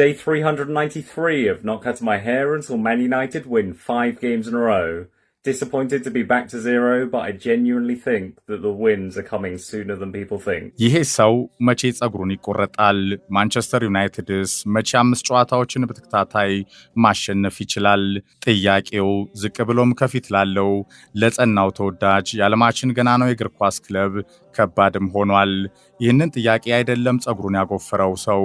Day 393 of Not Cutting My Hair until Man United win five games in a row. Disappointed to be back to zero, but I genuinely think that the wins are coming sooner than people think. ይሄ ሰው መቼ ጸጉሩን ይቆረጣል? ማንቸስተር ዩናይትድስ መቼ አምስት ጨዋታዎችን በተከታታይ ማሸነፍ ይችላል? ጥያቄው ዝቅ ብሎም ከፊት ላለው ለጸናው ተወዳጅ የዓለማችን ገናናው የእግር ኳስ ክለብ ከባድም ሆኗል። ይህንን ጥያቄ አይደለም ጸጉሩን ያጎፈረው ሰው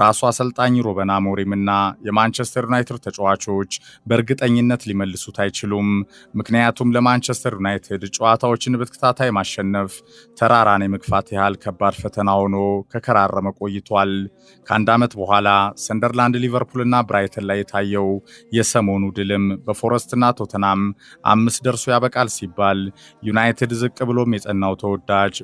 ራሱ አሰልጣኝ ሮበን አሞሪምና የማንቸስተር ዩናይትድ ተጫዋቾች በእርግጠኝነት ሊመልሱት አይችሉም። ምክንያቱም ለማንቸስተር ዩናይትድ ጨዋታዎችን በተከታታይ ማሸነፍ ተራራን የመግፋት ያህል ከባድ ፈተና ሆኖ ከከራረመ ቆይቷል። ከአንድ ዓመት በኋላ ሰንደርላንድ፣ ሊቨርፑልና ብራይተን ላይ የታየው የሰሞኑ ድልም በፎረስትና ቶተናም አምስት ደርሶ ያበቃል ሲባል ዩናይትድ ዝቅ ብሎም የጸናው ተወዳጅ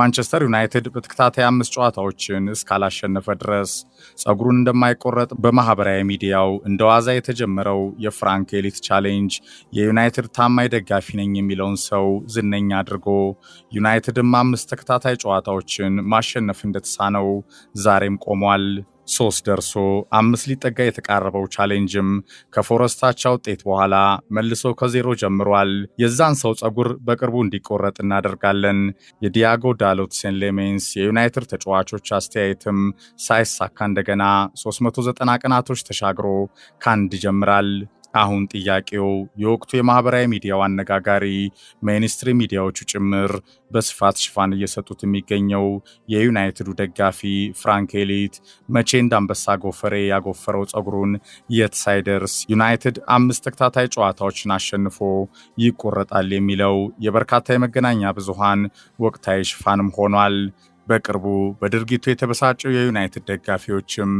ማንቸስተር ዩናይትድ በተከታታይ አምስት ጨዋታዎችን እስካላሸነፈ ድረስ ጸጉሩን እንደማይቆረጥ በማህበራዊ ሚዲያው እንደ ዋዛ የተጀመረው የፍራንክ ኤሊት ቻሌንጅ የዩናይትድ ታማኝ ደጋፊ ነኝ የሚለውን ሰው ዝነኛ አድርጎ ዩናይትድም አምስት ተከታታይ ጨዋታዎችን ማሸነፍ እንደተሳነው ዛሬም ቆሟል። ሶስት ደርሶ አምስት ሊጠጋ የተቃረበው ቻሌንጅም ከፎረስታቻ ውጤት በኋላ መልሶ ከዜሮ ጀምሯል። የዛን ሰው ጸጉር በቅርቡ እንዲቆረጥ እናደርጋለን። የዲያጎ ዳሎት ሴን ሌሜንስ የዩናይትድ ተጫዋቾች አስተያየትም ሳይሳካ እንደገና 390 ቀናቶች ተሻግሮ ከአንድ ይጀምራል። አሁን ጥያቄው የወቅቱ የማህበራዊ ሚዲያው አነጋጋሪ ሜንስትሪ ሚዲያዎቹ ጭምር በስፋት ሽፋን እየሰጡት የሚገኘው የዩናይትዱ ደጋፊ ፍራንክ ኤሊት መቼ እንደ አንበሳ ጎፈሬ ያጎፈረው ጸጉሩን የት ሳይደርስ ዩናይትድ አምስት ተከታታይ ጨዋታዎችን አሸንፎ ይቆረጣል የሚለው የበርካታ የመገናኛ ብዙሃን ወቅታዊ ሽፋንም ሆኗል። በቅርቡ በድርጊቱ የተበሳጨው የዩናይትድ ደጋፊዎችም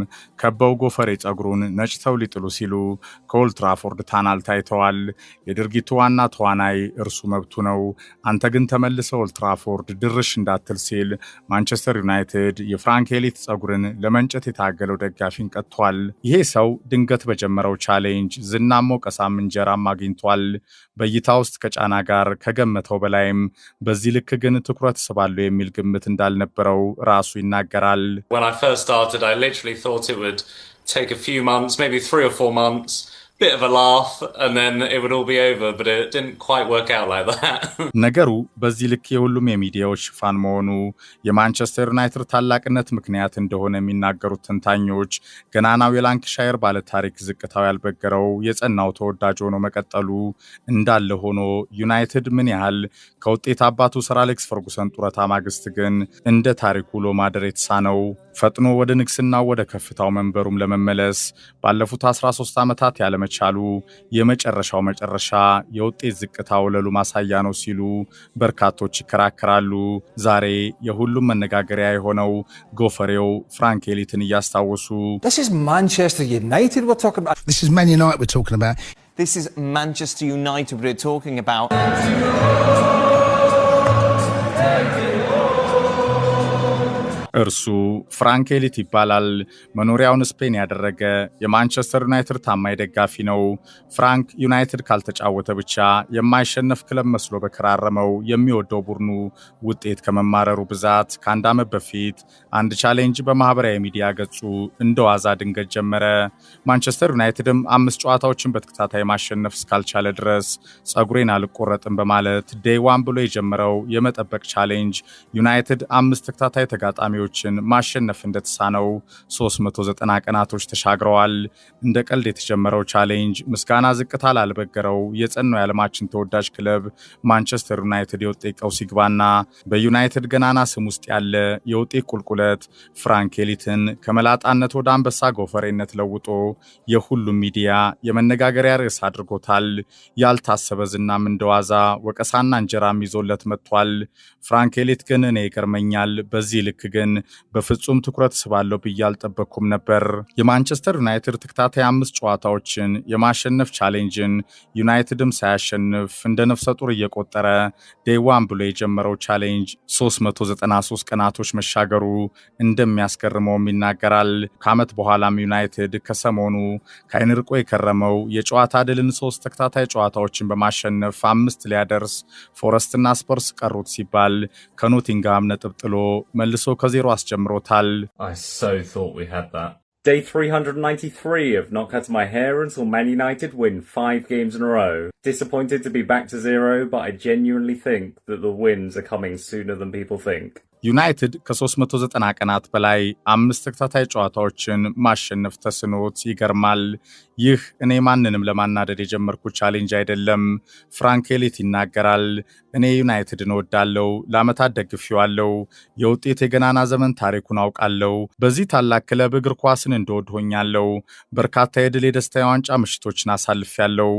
ከበው ጎፈሬ ጸጉሩን ነጭተው ሊጥሉ ሲሉ ከኦልትራፎርድ ታናል ታይተዋል። የድርጊቱ ዋና ተዋናይ እርሱ መብቱ ነው፣ አንተ ግን ተመልሰ ኦልትራፎርድ ድርሽ እንዳትል ሲል ማንቸስተር ዩናይትድ የፍራንክ ሄሊት ጸጉርን ለመንጨት የታገለው ደጋፊን ቀጥቷል። ይሄ ሰው ድንገት በጀመረው ቻሌንጅ ዝናም ወቀሳም እንጀራም አግኝቷል። በእይታ ውስጥ ከጫና ጋር ከገመተው በላይም በዚህ ልክ ግን ትኩረት ስባለሁ የሚል ግምት እንዳልነበር ራሱ ይናገራል። When I first started, I literally thought it would take a few months, maybe three or four months. bit of a laugh and then it would all be over, but it didn't quite work out like that. ነገሩ በዚህ ልክ የሁሉም የሚዲያዎች ሽፋን መሆኑ የማንቸስተር ዩናይትድ ታላቅነት ምክንያት እንደሆነ የሚናገሩት ተንታኞች ገናናው የላንክሻየር ባለታሪክ ዝቅታው ያልበገረው የጸናው ተወዳጅ ሆኖ መቀጠሉ እንዳለ ሆኖ ዩናይትድ ምን ያህል ከውጤት አባቱ ሰር አሌክስ ፈርጉሰን ጡረታ ማግስት ግን እንደ ታሪኩ ውሎ ማደር የተሳነው ፈጥኖ ወደ ንግስና ወደ ከፍታው መንበሩም ለመመለስ ባለፉት 13 ዓመታት ያለመ አለመቻሉ የመጨረሻው መጨረሻ የውጤት ዝቅታ ወለሉ ማሳያ ነው ሲሉ በርካቶች ይከራከራሉ። ዛሬ የሁሉም መነጋገሪያ የሆነው ጎፈሬው ፍራንክ ኤሊትን እያስታወሱ ማንቸስተር ዩናይትድ እርሱ ፍራንክ ኤሊት ይባላል። መኖሪያውን ስፔን ያደረገ የማንቸስተር ዩናይትድ ታማኝ ደጋፊ ነው። ፍራንክ ዩናይትድ ካልተጫወተ ብቻ የማይሸነፍ ክለብ መስሎ በከራረመው የሚወደው ቡድኑ ውጤት ከመማረሩ ብዛት ከአንድ ዓመት በፊት አንድ ቻሌንጅ በማህበራዊ ሚዲያ ገጹ እንደ ዋዛ ድንገት ጀመረ። ማንቸስተር ዩናይትድም አምስት ጨዋታዎችን በተከታታይ ማሸነፍ እስካልቻለ ድረስ ጸጉሬን አልቆረጥም በማለት ዴይዋን ብሎ የጀመረው የመጠበቅ ቻሌንጅ ዩናይትድ አምስት ተከታታይ ተጋጣሚዎች ተፋላሚዎችን ማሸነፍ እንደተሳነው 390 ቀናቶች ተሻግረዋል። እንደ ቀልድ የተጀመረው ቻሌንጅ ምስጋና ዝቅታ ላልበገረው የጸናው የዓለማችን ተወዳጅ ክለብ ማንቸስተር ዩናይትድ የውጤ ቀውስ ይግባና በዩናይትድ ገናና ስም ውስጥ ያለ የውጤ ቁልቁለት ፍራንክ ኤሊትን ከመላጣነት ወደ አንበሳ ጎፈሬነት ለውጦ የሁሉም ሚዲያ የመነጋገሪያ ርዕስ አድርጎታል። ያልታሰበ ዝናም እንደዋዛ ወቀሳና እንጀራም ይዞለት መጥቷል። ፍራንክ ኤሊት ግን እኔ ይገርመኛል፣ በዚህ ልክ ግን በፍጹም ትኩረት ስባለው ብዬ አልጠበቅኩም ነበር። የማንቸስተር ዩናይትድ ተከታታይ አምስት ጨዋታዎችን የማሸነፍ ቻሌንጅን ዩናይትድም ሳያሸንፍ እንደ ነፍሰ ጡር እየቆጠረ ዴዋን ብሎ የጀመረው ቻሌንጅ 393 ቀናቶች መሻገሩ እንደሚያስገርመውም ይናገራል። ከዓመት በኋላም ዩናይትድ ከሰሞኑ ከአይንርቆ የከረመው የጨዋታ ድልን ሶስት ተከታታይ ጨዋታዎችን በማሸነፍ አምስት ሊያደርስ ፎረስትና ስፐርስ ቀሩት ሲባል ከኖቲንጋም ነጥብ ጥሎ መልሶ ከዚ had አስጀምሮታል። Day 393 of Not Cutting My Hair until Man United win five games in a row. Disappointed to be back to zero, but I genuinely think that the wins are coming sooner than people think. ዩናይትድ ከ390 ቀናት በላይ አምስት ተከታታይ ጨዋታዎችን ማሸነፍ ተስኖት ይገርማል። ይህ እኔ ማንንም ለማናደድ የጀመርኩት ቻሌንጅ አይደለም። ፍራንክ ኤሊት ይናገራል። እኔ ዩናይትድን እወዳለሁ፣ ለዓመታት ደግፌዋለሁ፣ የውጤት የገናና ዘመን ታሪኩን አውቃለሁ። በዚህ ታላቅ ክለብ እግር ኳስን እንደወድ ሆኛለሁ። በርካታ የድል የደስታ የዋንጫ ምሽቶችን አሳልፌያለሁ።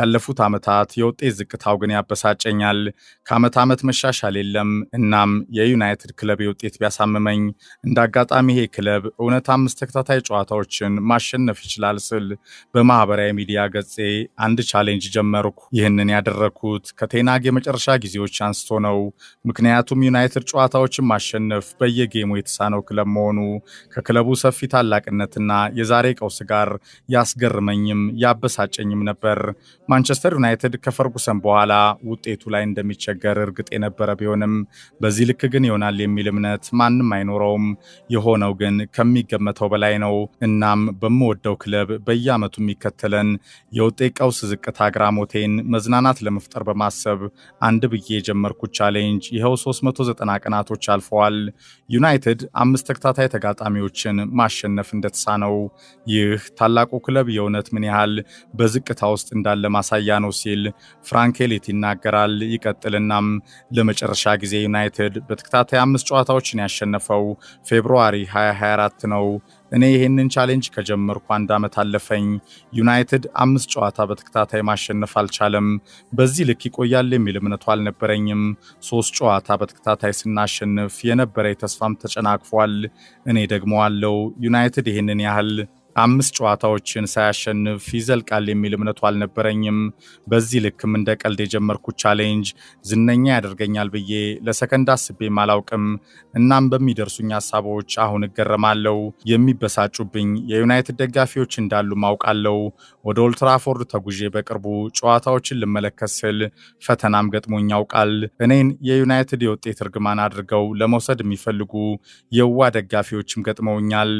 ያለፉት ዓመታት የውጤት ዝቅታው ግን ያበሳጨኛል። ከዓመት ዓመት መሻሻል የለም። እናም የዩናይትድ ክለብ ውጤት ቢያሳምመኝ እንደ አጋጣሚ ይሄ ክለብ እውነት አምስት ተከታታይ ጨዋታዎችን ማሸነፍ ይችላል ስል በማህበራዊ ሚዲያ ገጼ አንድ ቻሌንጅ ጀመርኩ። ይህንን ያደረግኩት ከቴናግ የመጨረሻ ጊዜዎች አንስቶ ነው። ምክንያቱም ዩናይትድ ጨዋታዎችን ማሸነፍ በየጌሙ የተሳነው ክለብ መሆኑ ከክለቡ ሰፊ ታላቅነትና የዛሬ ቀውስ ጋር ያስገርመኝም ያበሳጨኝም ነበር። ማንቸስተር ዩናይትድ ከፈርጉሰን በኋላ ውጤቱ ላይ እንደሚቸገር እርግጥ የነበረ ቢሆንም በዚህ ልክ ግን ይሆናል ይሆናል የሚል እምነት ማንም አይኖረውም። የሆነው ግን ከሚገመተው በላይ ነው። እናም በምወደው ክለብ በየዓመቱ የሚከተለን የውጤ ቀውስ ዝቅታ አግራሞቴን መዝናናት ለመፍጠር በማሰብ አንድ ብዬ የጀመርኩት ቻሌንጅ ይኸው 390 ቀናቶች አልፈዋል። ዩናይትድ አምስት ተከታታይ ተጋጣሚዎችን ማሸነፍ እንደተሳነው ይህ ታላቁ ክለብ የእውነት ምን ያህል በዝቅታ ውስጥ እንዳለ ማሳያ ነው ሲል ፍራንኬሊት ይናገራል። ይቀጥልናም ለመጨረሻ ጊዜ ዩናይትድ በተከታታይ አምስት ጨዋታዎችን ያሸነፈው ፌብሩዋሪ 2024 ነው። እኔ ይህንን ቻሌንጅ ከጀመርኩ አንድ ዓመት አለፈኝ። ዩናይትድ አምስት ጨዋታ በተከታታይ ማሸነፍ አልቻለም። በዚህ ልክ ይቆያል የሚል እምነቱ አልነበረኝም። ሶስት ጨዋታ በተከታታይ ስናሸንፍ የነበረ ተስፋም ተጨናቅፏል። እኔ ደግሞ አለው ዩናይትድ ይህንን ያህል አምስት ጨዋታዎችን ሳያሸንፍ ይዘልቃል የሚል እምነቱ አልነበረኝም። በዚህ ልክም እንደ ቀልድ የጀመርኩት ቻሌንጅ ዝነኛ ያደርገኛል ብዬ ለሰከንድ አስቤም አላውቅም። እናም በሚደርሱኝ ሀሳቦች አሁን እገረማለሁ። የሚበሳጩብኝ የዩናይትድ ደጋፊዎች እንዳሉ ማውቃለሁ። ወደ ኦልትራፎርድ ተጉዤ በቅርቡ ጨዋታዎችን ልመለከት ስል ፈተናም ገጥሞኝ ያውቃል። እኔን የዩናይትድ የውጤት እርግማን አድርገው ለመውሰድ የሚፈልጉ የዋ ደጋፊዎችም ገጥመውኛል።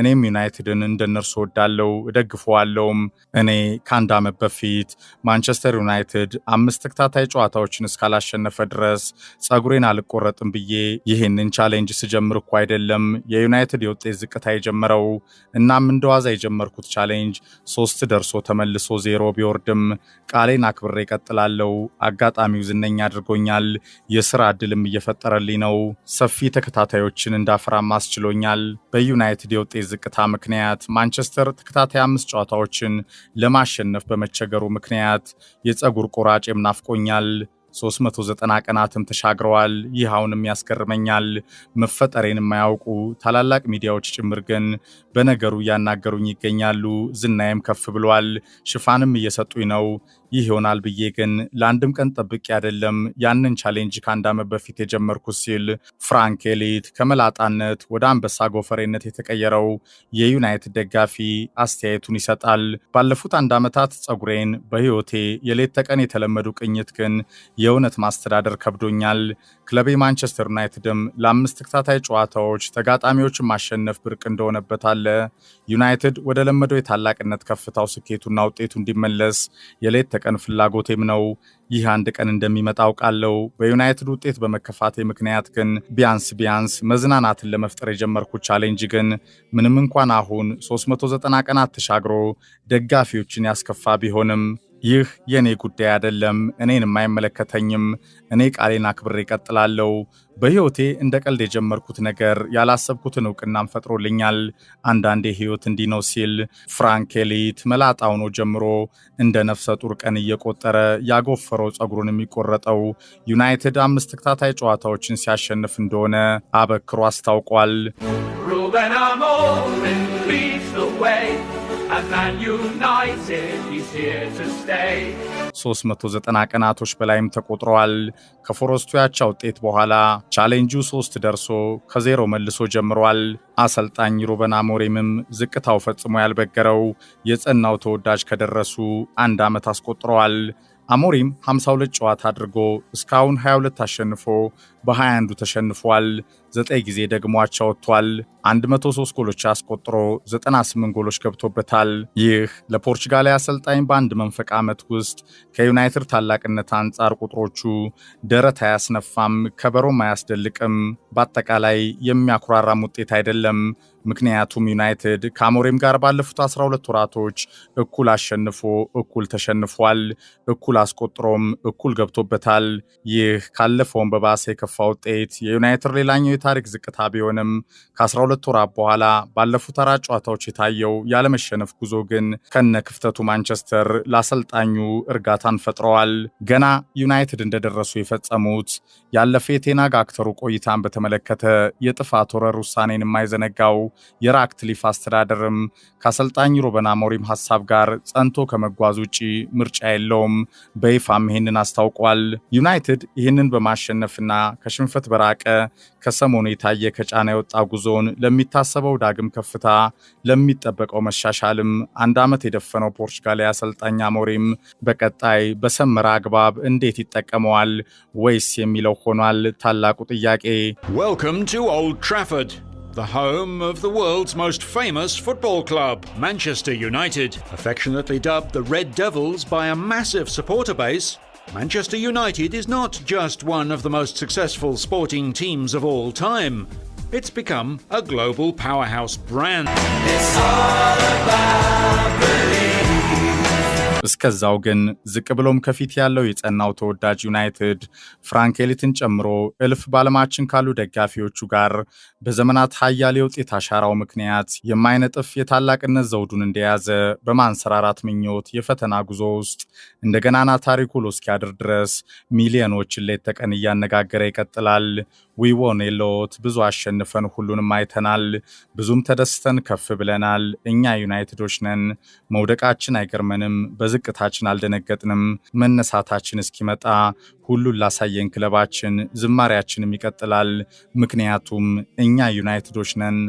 እኔም ዩናይትድን እንደነርሱ ወዳለው እደግፈዋለውም። እኔ ከአንድ ዓመት በፊት ማንቸስተር ዩናይትድ አምስት ተከታታይ ጨዋታዎችን እስካላሸነፈ ድረስ ጸጉሬን አልቆረጥም ብዬ ይህንን ቻሌንጅ ስጀምር እኮ አይደለም የዩናይትድ የውጤት ዝቅታ የጀመረው። እናም እንደዋዛ የጀመርኩት ቻሌንጅ ሶስት ደርሶ ተመልሶ ዜሮ ቢወርድም ቃሌን አክብሬ ቀጥላለው። አጋጣሚው ዝነኛ አድርጎኛል። የስራ እድልም እየፈጠረልኝ ነው። ሰፊ ተከታታዮችን እንዳፈራም አስችሎኛል። በዩናይትድ የውጤት ዝቅታ ምክንያት ማንቸስተር ተከታታይ አምስት ጨዋታዎችን ለማሸነፍ በመቸገሩ ምክንያት የፀጉር ቁራጭም ናፍቆኛል። 390 ቀናትም ተሻግረዋል። ይህ አሁንም ያስገርመኛል። መፈጠሬን የማያውቁ ታላላቅ ሚዲያዎች ጭምር ግን በነገሩ እያናገሩኝ ይገኛሉ። ዝናዬም ከፍ ብሏል። ሽፋንም እየሰጡኝ ነው። ይህ ይሆናል ብዬ ግን ለአንድም ቀን ጠብቄ አይደለም ያንን ቻሌንጅ ከአንድ ዓመት በፊት የጀመርኩት ሲል ፍራንክ ኤሊት ከመላጣነት ወደ አንበሳ ጎፈሬነት የተቀየረው የዩናይትድ ደጋፊ አስተያየቱን ይሰጣል። ባለፉት አንድ ዓመታት ጸጉሬን በሕይወቴ የሌት ተቀን የተለመዱ ቅኝት ግን የእውነት ማስተዳደር ከብዶኛል። ክለቤ ማንቸስተር ዩናይትድም ለአምስት ተከታታይ ጨዋታዎች ተጋጣሚዎችን ማሸነፍ ብርቅ እንደሆነበት አለ። ዩናይትድ ወደ ለመደው የታላቅነት ከፍታው ስኬቱና ውጤቱ እንዲመለስ የሌት ቀን ፍላጎቴም ነው። ይህ አንድ ቀን እንደሚመጣ አውቃለሁ። በዩናይትድ ውጤት በመከፋቴ ምክንያት ግን ቢያንስ ቢያንስ መዝናናትን ለመፍጠር የጀመርኩት ቻሌንጅ ግን ምንም እንኳን አሁን 390 ቀናት ተሻግሮ ደጋፊዎችን ያስከፋ ቢሆንም ይህ የእኔ ጉዳይ አይደለም፣ እኔንም አይመለከተኝም። እኔ ቃሌን አክብሬ ይቀጥላለሁ በሕይወቴ እንደ ቀልድ የጀመርኩት ነገር ያላሰብኩትን እውቅናም ፈጥሮልኛል። አንዳንዴ ሕይወት እንዲህ ነው ሲል ፍራንክ ኤሊት መላጣ ሆኖ ጀምሮ እንደ ነፍሰ ጡር ቀን እየቆጠረ ያጎፈረው ጸጉሩን የሚቆረጠው ዩናይትድ አምስት ተከታታይ ጨዋታዎችን ሲያሸንፍ እንደሆነ አበክሮ አስታውቋል። ሩበን 390 ቀናቶች በላይም ተቆጥረዋል። ከፎረስቱ ያቻ ውጤት በኋላ ቻሌንጁ ሶስት ደርሶ ከዜሮ መልሶ ጀምሯል። አሰልጣኝ ሩበን አሞሪምም ዝቅታው ፈጽሞ ያልበገረው የጸናው ተወዳጅ ከደረሱ አንድ ዓመት አስቆጥረዋል። አሞሪም 52 ጨዋታ አድርጎ እስካሁን 22 አሸንፎ በ21 ተሸንፏል። 9 ጊዜ ደግሞ አቻ ወጥቷል። 103 ጎሎች አስቆጥሮ 98 ጎሎች ገብቶበታል። ይህ ለፖርቹጋላዊ አሰልጣኝ በአንድ መንፈቅ ዓመት ውስጥ ከዩናይትድ ታላቅነት አንጻር ቁጥሮቹ ደረት አያስነፋም፣ ከበሮም አያስደልቅም። በአጠቃላይ የሚያኩራራም ውጤት አይደለም። ምክንያቱም ዩናይትድ ከአሞሪም ጋር ባለፉት 12 ወራቶች እኩል አሸንፎ እኩል ተሸንፏል፣ እኩል አስቆጥሮም እኩል ገብቶበታል። ይህ ካለፈውን በባሰ የአንጋፋ ውጤት የዩናይትድ ሌላኛው የታሪክ ዝቅታ ቢሆንም ከ12 ወራት በኋላ ባለፉት አራት ጨዋታዎች የታየው ያለመሸነፍ ጉዞ ግን ከነ ክፍተቱ ማንቸስተር ለአሰልጣኙ እርጋታን ፈጥረዋል። ገና ዩናይትድ እንደደረሱ የፈጸሙት ያለፈ የቴናግ አክተሩ ቆይታን በተመለከተ የጥፋት ወረር ውሳኔን የማይዘነጋው የራክትሊፍ አስተዳደርም ከአሰልጣኝ ሩበን አሞሪም ሀሳብ ጋር ጸንቶ ከመጓዝ ውጪ ምርጫ የለውም በይፋም ይህንን አስታውቋል። ዩናይትድ ይህንን በማሸነፍና ከሽንፈት በራቀ ከሰሞኑ የታየ ከጫና የወጣ ጉዞውን ለሚታሰበው ዳግም ከፍታ ለሚጠበቀው መሻሻልም አንድ ዓመት የደፈነው ፖርቹጋላዊ አሰልጣኝ አሞሪም በቀጣይ በሰመራ አግባብ እንዴት ይጠቀመዋል ወይስ የሚለው ሆኗል ታላቁ ጥያቄ። Welcome to Old Trafford. The home of the world's most famous football club, Manchester United, affectionately dubbed the Red Devils by a massive supporter base Manchester United is not just one of the most successful sporting teams of all time, it's become a global powerhouse brand. እስከዛው ግን ዝቅ ብሎም ከፊት ያለው የጸናው ተወዳጅ ዩናይትድ ፍራንክ ኤሊትን ጨምሮ እልፍ ባለማችን ካሉ ደጋፊዎቹ ጋር በዘመናት ሀያሌ ውጤት አሻራው ምክንያት የማይነጥፍ የታላቅነት ዘውዱን እንደያዘ በማንሰራራት ምኞት የፈተና ጉዞ ውስጥ እንደገናና ታሪኩ ሎ እስኪያድር ድረስ ሚሊዮኖችን ሌት ተቀን እያነጋገረ ይቀጥላል። ዊወን የለዎት ብዙ አሸንፈን ሁሉንም አይተናል። ብዙም ተደስተን ከፍ ብለናል። እኛ ዩናይትዶች ነን። መውደቃችን አይገርመንም። በዝቅታችን አልደነገጥንም። መነሳታችን እስኪመጣ ሁሉን ላሳየን ክለባችን ዝማሪያችንም ይቀጥላል። ምክንያቱም እኛ ዩናይትዶች ነን።